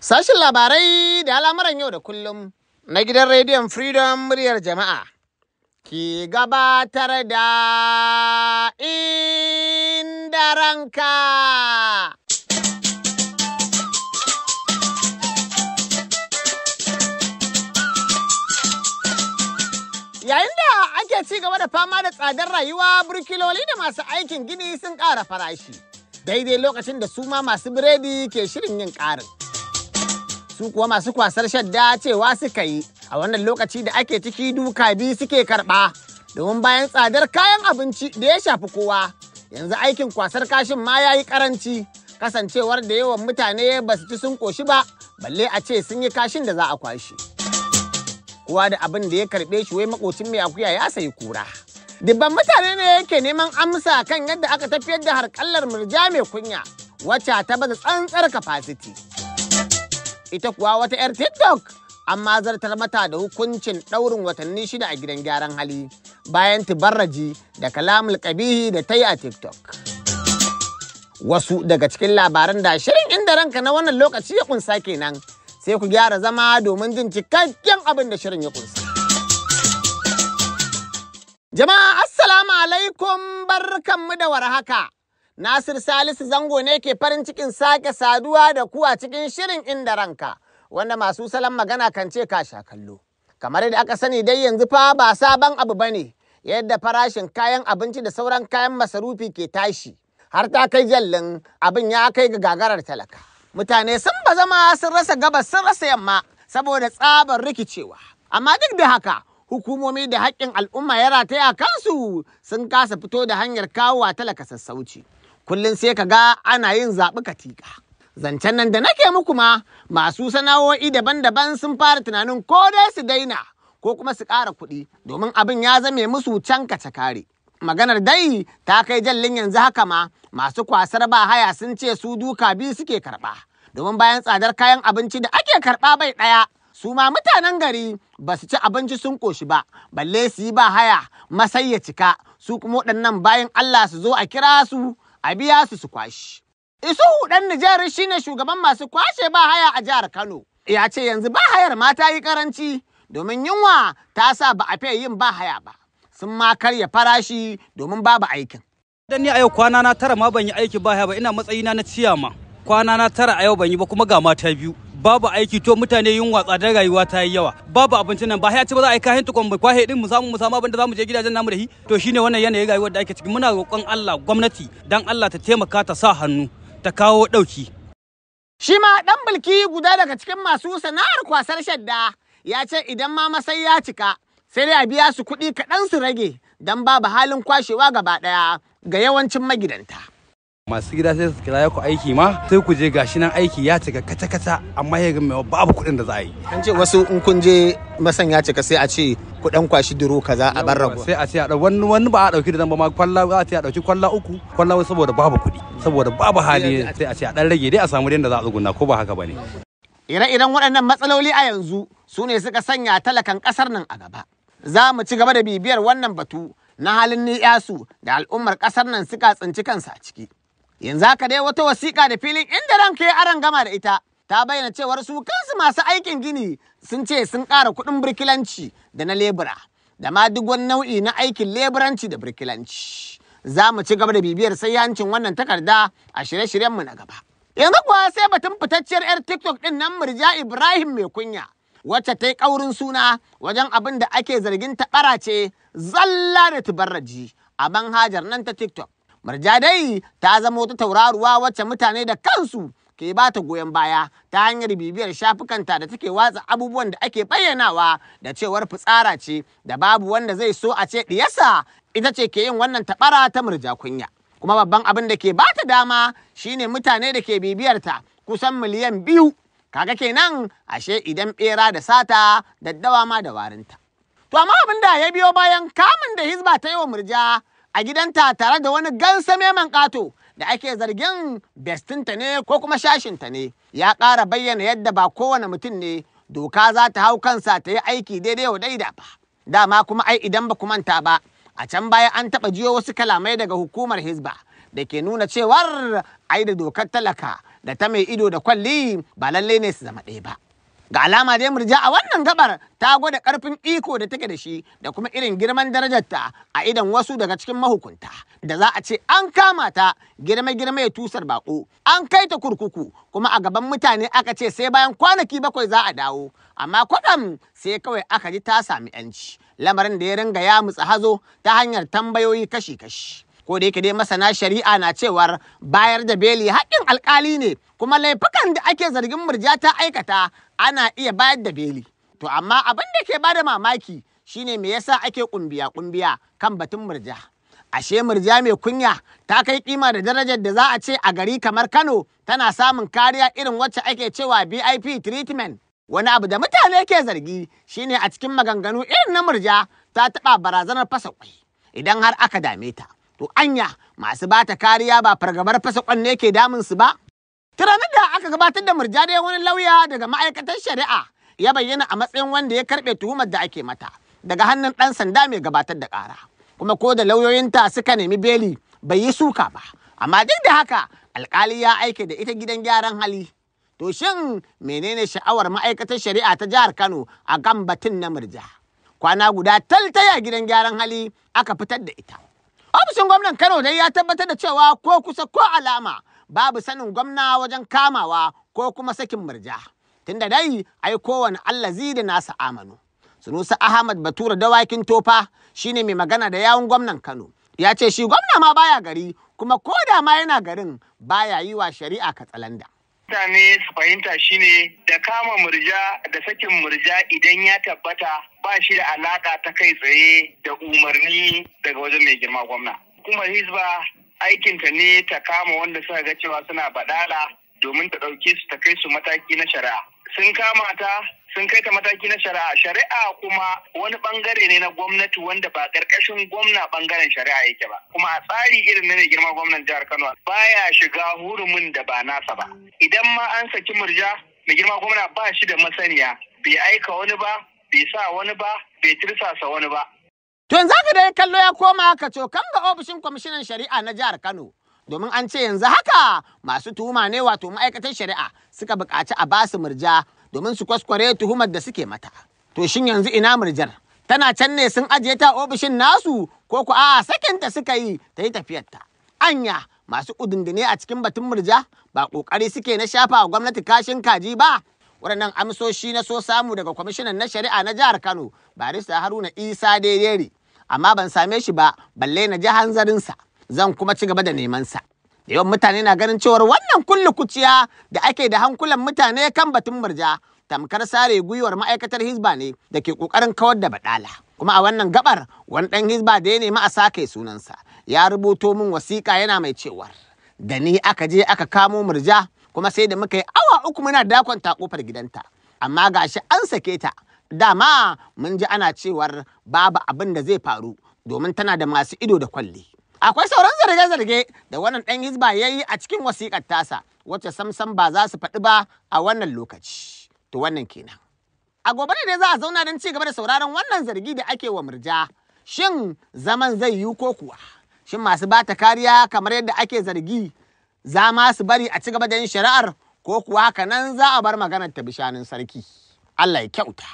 Sashen labarai da al'amuran yau da kullum na gidan rediyon Freedom muryar jama'a Ki gabatar da inda ranka. Yayin da ake ci gaba da fama da tsadar rayuwa burkiloli da masu aikin gini sun ƙara farashi, daidai lokacin da su ma masu biredi ke shirin yin ƙarin. su kuwa masu kwasar shadda cewa suka yi a wannan lokaci da ake ciki duka biyu suke karɓa domin bayan tsadar kayan abinci da ya shafi kowa yanzu aikin kwasar kashin ma ya yi karanci kasancewar da yawan mutane ba su ci sun koshi ba balle a ce sun yi kashin da za a kwashe. kowa da abin da ya karɓe shi wai makocin mai akuya ya sayi kura. Dibban mutane ne yake neman amsa kan yadda aka tafiyar da harkallar murja mai kunya wacce ta baza tsantsar kafasiti. ita kuwa wata 'yar TikTok amma zartar mata da hukuncin ɗaurin watanni shida a gidan gyaran hali bayan tibarraji da kalamul kabihi da ta yi a TikTok. Wasu daga cikin labaran da shirin inda ranka na wannan lokaci ya kunsa kenan sai ku gyara zama domin jin cikakken abin da shirin ya kunsa. Jama'a Assalamu alaikum barkanmu da warhaka. Nasir Salisu Zango ne ke farin cikin sake saduwa da kuwa cikin shirin inda ranka, wanda masu salon magana kan ce ka sha kallo. Kamar da aka sani dai yanzu fa ba sabon abu ba ne, yadda farashin kayan abinci da sauran kayan masarufi ke tashi, har ta kai jallin abin ya kai ga gagarar talaka. Mutane sun ba zama sun rasa gabas sun rasa yamma saboda tsabar rikicewa. Amma duk da haka, hukumomi da haƙƙin al'umma ya rataya kansu sun kasa fito da hanyar kawo talaka sassauci. kullum sai ka ga ana yin zaɓi katika. Zancen nan da nake muku ma masu sana'o'i daban-daban sun fara tunanin ko dai su daina ko kuma su ƙara kuɗi domin abin ya zame musu can ka cakare. Maganar dai ta kai jallin yanzu haka ma masu kwasar ba haya sun ce su duka biyu suke karɓa. Domin bayan tsadar kayan abinci da ake karɓa bai ɗaya su ma mutanen gari ba su ci abinci sun ƙoshi ba balle su yi ba haya masai ya cika su kuma waɗannan bayan Allah su zo a kira su a biya su su kwashi. Isuhu ɗan Nijar shine shugaban masu kwashe ba haya a jihar Kano. Ya ce yanzu ba hayar ma yi karanci domin yunwa ta sa ba a fiye yin ba haya ba. Sun ma karya farashi domin babu aikin. Dan ni a yau kwana na tara ma ban yi aiki ba haya ba ina matsayina na ciyama. Kwana na tara a yau ban yi ba kuma ga mata biyu. babu aiki to mutane yin watsa da rayuwa ta yi yawa babu abincin nan ba ya ci ba za a yi kayan tukon mu kwahe din mu samu mu samu abin da zamu je gidajen namu da shi to shine wannan yanayin rayuwar da ake ciki muna roƙon Allah gwamnati dan Allah ta taimaka ta sa hannu ta kawo ɗauki. Shi ma dan bulki guda daga cikin masu sana'ar kwasar shadda ya ce idan ma masai ya cika sai dai a biya su kuɗi kaɗan su rage dan babu halin kwashewa gaba ɗaya ga yawancin magidanta. masu gida sai su kira ku aiki ma sai ku je gashi nan aiki ya cika kata kata amma ya ga mai babu kuɗin da za a yi an ce wasu in kun je masan ya cika sai a ce kuɗan kwashi duro kaza a bar rago sai a ce a wani wani ba a dauki da ba ma kwalla za a ce a dauki kwalla uku kwalla saboda babu kuɗi saboda babu hali sai a ce a dan rage dai a samu da za a tsuguna ko ba haka bane ire-iren waɗannan matsaloli a yanzu su ne suka sanya talakan ƙasar nan a gaba za mu ci gaba da bibiyar wannan batu na halin ni'yasu da al'ummar ƙasar nan suka tsinci kansa a ciki Yanzu haka dai wata wasiƙa da filin inda ranka ya aron gama da ita ta bayyana cewar su kansu masu aikin gini sun ce sun ƙara kuɗin birkilanci da na lebura da ma duk wani nau'i na aikin leburanci da birkilanci. Za mu ci gaba da bibiyar sai yancin wannan takarda a shirye-shiryenmu na gaba. Yanzu kuwa sai batun fitacciyar 'yar TikTok ɗin nan Murja Ibrahim mai kunya. wacce ta yi ƙaurin suna wajen abin da ake zargin ta ɓara ce zalla da tubarraji a manhajar nan ta TikTok. Marja dai ta zama wata tauraruwa wacce mutane da kansu ke ba ta goyon baya ta hanyar bibiyar shafukanta da take watsa abubuwan da ake bayyanawa da cewar fitsara ce da babu wanda zai so a ce diyasa ita ce ke yin wannan tabara ta murja kunya. Kuma babban abin da ke ba ta dama shine mutane da ke bibiyarta kusan miliyan biyu kaga kenan ashe idan bera da sata daddawa ma da warinta. To amma abin da ya biyo bayan kamun da Hizba ta yi wa murja a gidanta tare da wani gansa man ƙato da ake zargin bestinta ne ko kuma shashinta ne ya ƙara bayyana yadda ba kowane mutum ne doka za ta hau kansa ta yi aiki daidai wa daida ba dama kuma ai idan ba ku manta ba a can baya an taɓa jiyo wasu kalamai daga hukumar Hisba da ke nuna cewar ai da dokar talaka da ta mai ido da kwalli ba lallai ne su zama ɗaya ba Ga alama dai murja a wannan gabar ta gwada karfin iko da take da shi da kuma irin girman darajarta a idan wasu daga cikin mahukunta da za a ce an kama ta girma girma ya tusar bako an kai ta kurkuku kuma a gaban mutane aka ce sai bayan kwanaki bakwai za a dawo amma kwaɗam sai kawai aka ji ta sami 'yanci lamarin da ya ringa ya mutsa hazo ta hanyar tambayoyi kashi-kashi. ko da yake dai masana shari'a na cewar bayar da beli haƙƙin alƙali ne kuma laifukan da ake zargin murja ta aikata ana iya bayar da beli to amma abin da ke bada mamaki shine me yasa ake kumbiya kumbiya kan batun murja ashe murja mai kunya ta kai kima da darajar da za a ce a gari kamar Kano tana samun kariya irin wacce ake cewa BIP treatment wani abu da mutane ke zargi shine a cikin maganganu irin na murja ta taɓa barazanar fasa kwai idan har aka dame ta. To anya masu ba ta kariya ba fargabar fasa kwanne ke damun su ba? Tiranin da aka gabatar da murjaniyar wani lauya daga ma'aikatar shari'a ya bayyana a matsayin wanda ya karɓe tuhumar da ake mata daga hannun ɗan sanda mai gabatar da ƙara. Kuma ko da lauyoyinta suka nemi beli bai yi suka ba. Amma duk da haka alkali ya aike da ita gidan gyaran hali. To shin menene sha'awar ma'aikatar shari'a ta jihar Kano a kan batun na murja? Kwana guda tal a gidan gyaran hali aka fitar da ita. Ofishin gwamnan Kano dai ya tabbatar da cewa ko kusa ko alama babu sanin gwamna wajen kamawa ko kuma sakin murja. Tunda dai ai kowane allazi da nasa amanu. Sunusa Ahmad Batura dawakin tofa shine mai magana da yawun gwamnan Kano. Ya ce shi gwamna ma baya gari kuma ko da ma yana garin baya yi wa shari'a katsalanda. mutane su fahimta shine da kama murja da sakin murja idan ya tabbata ba shi da alaka ta kai tsaye da umarni daga wajen mai girma gwamna. kuma Hizba aikinta ne ta kama wanda suka ga cewa suna badala domin ta ɗauke su ta kai su mataki na shari'a. Sun kama ta sun kai ta mataki na shari'a shari'a kuma wani bangare ne na gwamnati wanda ba karkashin gwamna bangaren shari'a yake ba kuma a tsari irin na ne girma gwamnan jihar Kano baya shiga hurumin da ba nasa ba idan ma an saki murja mai girma gwamna ba shi da masaniya bai aika wani ba bai sa wani ba bai tirsasa wani ba to yanzu haka ya kallo ya koma to cokan ga ofishin kwamishinan shari'a na jihar Kano domin an ce yanzu haka masu tuhuma ne wato ma'aikatan shari'a suka buƙaci a basu murja domin su kwaskware tuhumar da suke mata. To shin yanzu ina murjar? Tana can ne sun ajiye ta ofishin nasu ko ku a sakinta suka yi ta yi tafiyarta. Anya masu udundune a cikin batun murja ba ƙoƙari suke na shafa wa gwamnati kashin kaji ba. Waɗannan amsoshi na so samu daga kwamishinan na shari'a na jihar Kano barista Haruna Isa Dedere amma ban same shi ba balle na ji hanzarinsa zan kuma ci gaba da neman sa. yawan mutane na ganin cewar wannan kullu kuciya da ake da hankulan mutane kan batun murja tamkar sare gwiwar ma'aikatar hizba ne da ke kokarin kawar da baɗala. kuma a wannan gabar wani ɗan hizba da ya nemi a sake sunansa ya rubuto min wasiƙa yana mai cewar da ni aka je aka kamo murja kuma sai da muka yi awa uku muna dakon ta kofar gidanta amma gashi an sake ta dama mun ji ana cewar babu abin da zai faru domin tana da masu ido da kwalli Akwai sauran zarge-zarge da wannan ɗan hizba ya yi a cikin wasiƙar tasa, wacce samsam ba za su faɗi ba a wannan lokaci. To wannan kenan. A gobe ne za a zauna don ci gaba da sauraron wannan zargi da ake wa murja. Shin zaman zai yi ko kuwa? Shin masu ba ta kariya kamar yadda ake zargi za ma su bari a ci gaba da yin shari'ar ko kuwa haka nan za a bar maganar ta bishanin sarki. Allah ya kyauta.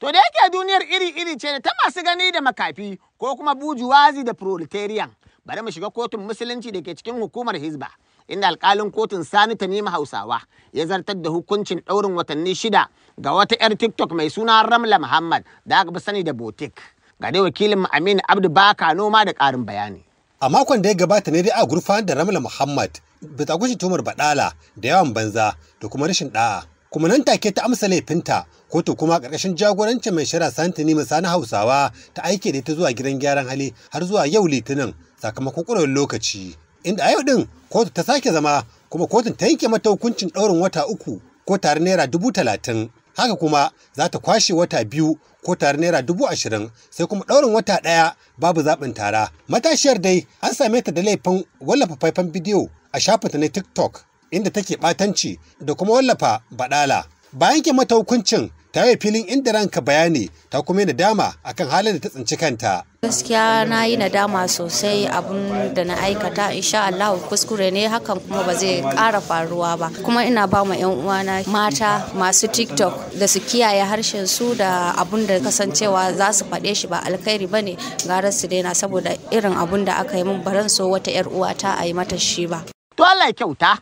To da yake duniyar iri-iri ce da ta masu gani da makafi ko kuma bujuwazi da proletarian. bari mu shiga kotun musulunci da ke cikin hukumar hizba inda alkalin kotun sani tanima hausawa ya zartar da hukuncin ɗaurin watanni shida ga wata 'yar tiktok mai suna ramla muhammad da aka fi sani da botik ga dai wakilin aminu abdu baka noma da ƙarin bayani a makon da ya gabata ne dai a gurfanar da ramla muhammad bisa gushe tumar baɗala da yawan banza da kuma rashin da'a kuma nan take ta amsa laifinta kotu kuma ƙarƙashin jagorancin mai shara santini na hausawa ta aike da ta zuwa gidan gyaran hali har zuwa yau litinin sakamakon ƙurar lokaci inda a yau ɗin kotu ta sake zama kuma kotun ta yanke mata hukuncin ɗaurin wata uku ko tare naira dubu talatin haka kuma za ta kwashe wata biyu ko tare naira dubu ashirin sai kuma ɗaurin wata ɗaya babu zaɓin tara matashiyar dai an same ta da laifin wallafa faifan bidiyo a shafinta na tiktok inda take batanci da kuma wallafa baɗala. Bayan ke mata hukuncin ta yi filin inda ranka bayani ta kuma yi nadama akan halin da ta tsinci kanta. gaskiya na yi nadama sosai abun da na aikata insha Allah kuskure ne hakan kuma ba zai ƙara faruwa ba kuma ina ba ma yan uwana mata masu tiktok da su kiyaye harshen su da abun da kasancewa za su faɗe shi ba alkhairi ba ne gara su daina saboda irin abun da aka yi min baran so wata yar uwata a yi mata shi ba. Dole kyauta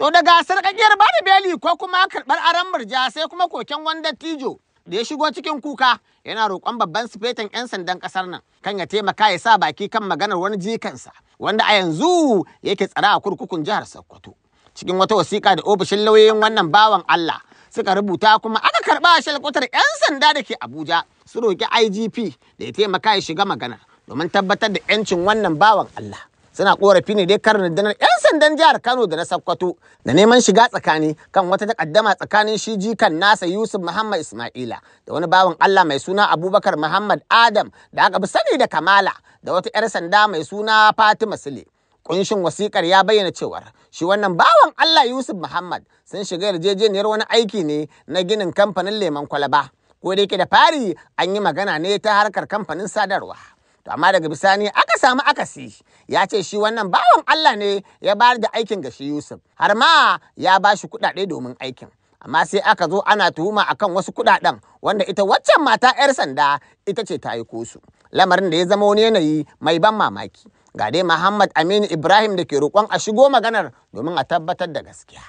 To daga gasar ba da beli ko kuma karɓar aron murja sai kuma koken wanda tijo da ya shigo cikin kuka yana roƙon babban sifetan 'yan sandan ƙasar nan kan ya taimaka ya sa baki kan maganar wani jikansa wanda a yanzu yake tsara a kurkukun jihar Sokoto. Cikin wata wasiƙa da ofishin lauyoyin wannan bawan Allah suka rubuta kuma aka karɓa a shalkutar 'yan sanda da ke Abuja su roƙi IGP da ya taimaka ya shiga magana domin tabbatar da 'yancin wannan bawan Allah. suna korafi ne dai karin rundunar 'yan sandan jihar Kano da na Sokoto da neman shiga tsakani kan wata takaddama tsakanin shi jikan nasa Yusuf Muhammad Ismaila da wani bawan Allah mai suna Abubakar Muhammad Adam da aka bi sani da Kamala da wata 'yar sanda mai suna Fatima Sule. Kunshin wasikar ya bayyana cewar shi wannan bawan Allah Yusuf Muhammad sun shiga yarjejeniyar wani aiki ne na ginin kamfanin leman kwalaba. Ko da yake da fari an yi magana ne ta harkar kamfanin sadarwa. to amma daga bisani aka samu akasi ya ce shi wannan bawan Allah ne ya bayar da aikin ga shi Yusuf har ma ya ba shi kuɗaɗe domin aikin amma sai aka zo ana tuhuma akan wasu kuɗaɗen wanda ita waccan mata 'yar sanda ita ce ta yi kosu lamarin da ya zama wani yanayi mai ban mamaki ga dai Muhammad Aminu Ibrahim da ke roƙon a shigo maganar domin a tabbatar da gaskiya.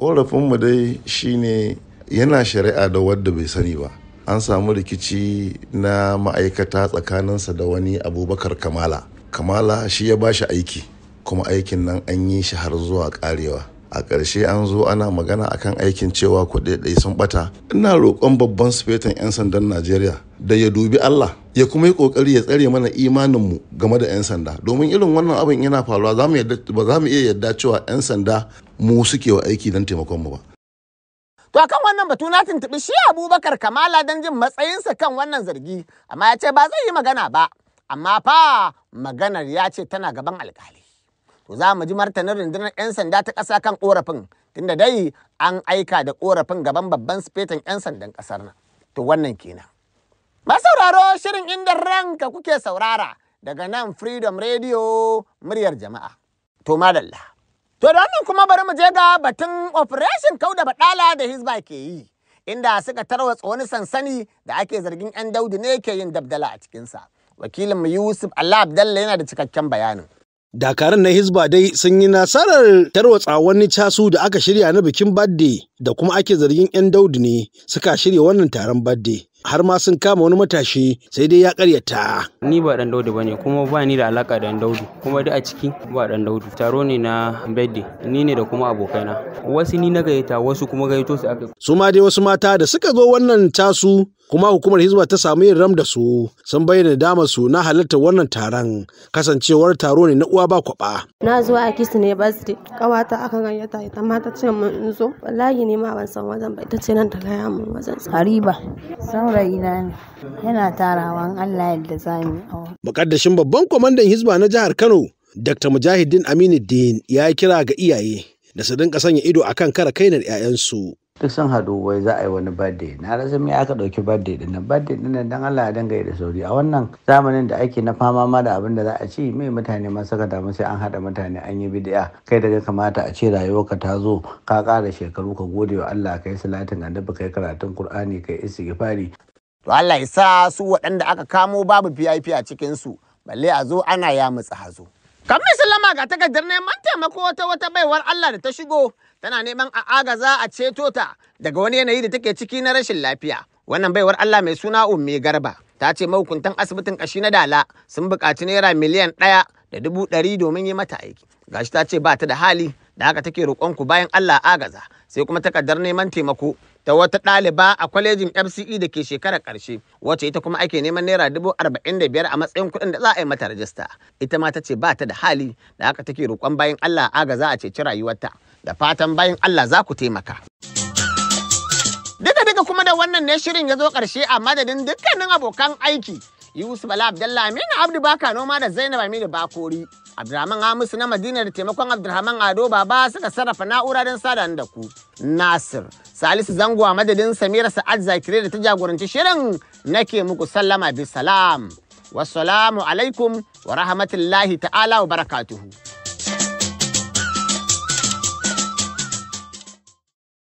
Ƙorafinmu dai shine yana shari'a da wadda bai sani ba. an samu rikici na ma'aikata tsakaninsa da wani abubakar kamala kamala shi ya ba shi aiki kuma aikin nan an yi shi har zuwa karewa a ƙarshe an zo ana magana akan aikin cewa kuɗaɗe sun ɓata ina roƙon babban sufetan 'yan sandan najeriya da ya dubi allah ya kuma yi ƙoƙari ya tsare mana imaninmu game da 'yan sanda domin irin wannan abin yana faruwa ba za mu iya yadda cewa 'yan sanda mu suke wa aiki don taimakonmu ba To kan wannan batu na tuntuɓi shi Abubakar Kamala don jin matsayinsa kan wannan zargi, amma ya ce ba zai yi magana ba, amma fa maganar ya ce tana gaban alkali. To za mu ji martanin rundunar 'yan sanda ta ƙasa kan korafin tunda dai an aika da korafin gaban babban sifetin 'yan sandan ƙasar nan. To wannan kenan. Masauraro shirin inda ranka kuke saurara daga nan Freedom Radio muryar jama'a. To madalla. To da wannan kuma bari mu je ga batun operation Kau da baɗala da Hizba ke yi, inda suka tarwatsa wani sansani da ake zargin 'yan daudi ne ke yin dabdala a cikinsa. Wakilin Yusuf Allah abdalla yana da cikakken bayanin. Dakarun na Hizba dai sun yi nasarar tarwatsa wani casu da aka shirya na bikin badde da kuma ake zargin 'yan daudi ne suka shirya wannan taron badde. har ma sun kama wani matashi sai dai ya karyata. Ni ba dan Daudu bane kuma ba ni da alaka da dan Daudu kuma duk a ciki ba dan Daudu. Taro ne na birthday ni ne da kuma abokaina. Wasu ni na gayyata wasu kuma gayyato su aka. Su ma dai wasu mata da suka zo wannan tasu kuma hukumar hizba ta samu yin ram da su sun bayyana dama su na halartar wannan taron kasancewar taro ne na uwa ba kwaba na zuwa a kisi ne birthday kawata aka gayyata ita ma ta ce mun zo wallahi ne ma ban san wajen ba ita ce nan ta gaya mun wajen hariba saurayi na ne yana tarawa Allah yadda za mu yi mukaddashin babban kwamandan hizba na jihar Kano Dr. Mujahidin Aminu Din ya kira ga iyaye da su dinka sanya ido akan kara kainar 'ya'yansu. duk sun haɗu wai za a yi wani birthday na rasa me aka ɗauki birthday din nan birthday din nan dan Allah ya danga da sauri a wannan zamanin da ake na fama ma da abin da za a ci me mutane ma saka damu sai an haɗa mutane an yi bid'a kai daga kamata a ce rayuwarka ta zo ka ƙara shekaru ka gode wa Allah kai salatin annabi kai karatun Qur'ani kai istighfari to Allah ya sa su waɗanda aka kamo babu VIP a cikin su balle a zo ana ya mutsa hazo kan mai sallama ga takardar neman taimako wata wata baiwar Allah da ta shigo tana neman a agaza a ceto ta daga wani yanayi da take ciki na rashin lafiya. Wannan baiwar Allah mai suna Ummi Garba ta ce mahukuntan asibitin kashi na Dala sun buƙaci naira miliyan ɗaya da dubu ɗari domin yi mata aiki. Gashi ta ce ba ta da hali da haka take ku bayan Allah agaza sai kuma takardar neman taimako ta wata ɗaliba a kwalejin FCE da ke shekarar ƙarshe wacce ita kuma ake neman naira dubu arba'in da biyar a matsayin kuɗin da za a yi mata rajista ita ma ta ce ba ta da hali da haka take roƙon bayan Allah agaza a ceci rayuwarta da fatan bayan Allah za ku taimaka. Duka duka kuma da wannan ne shirin ya zo ƙarshe a madadin dukkanin abokan aiki. Yusuf Bala Abdallah Aminu Abdu Baka Noma da Zainab Aminu Bakori. Abdurrahman Hamisu na Madina da taimakon Abdurrahman Ado Baba suka sarrafa na'ura don sada da ku. Nasir Salisu Zango a madadin Samira Sa'ad Zakire da ta jagoranci shirin nake muku sallama bi salam. Wassalamu alaikum wa rahmatullahi ta'ala wa barakatuhu.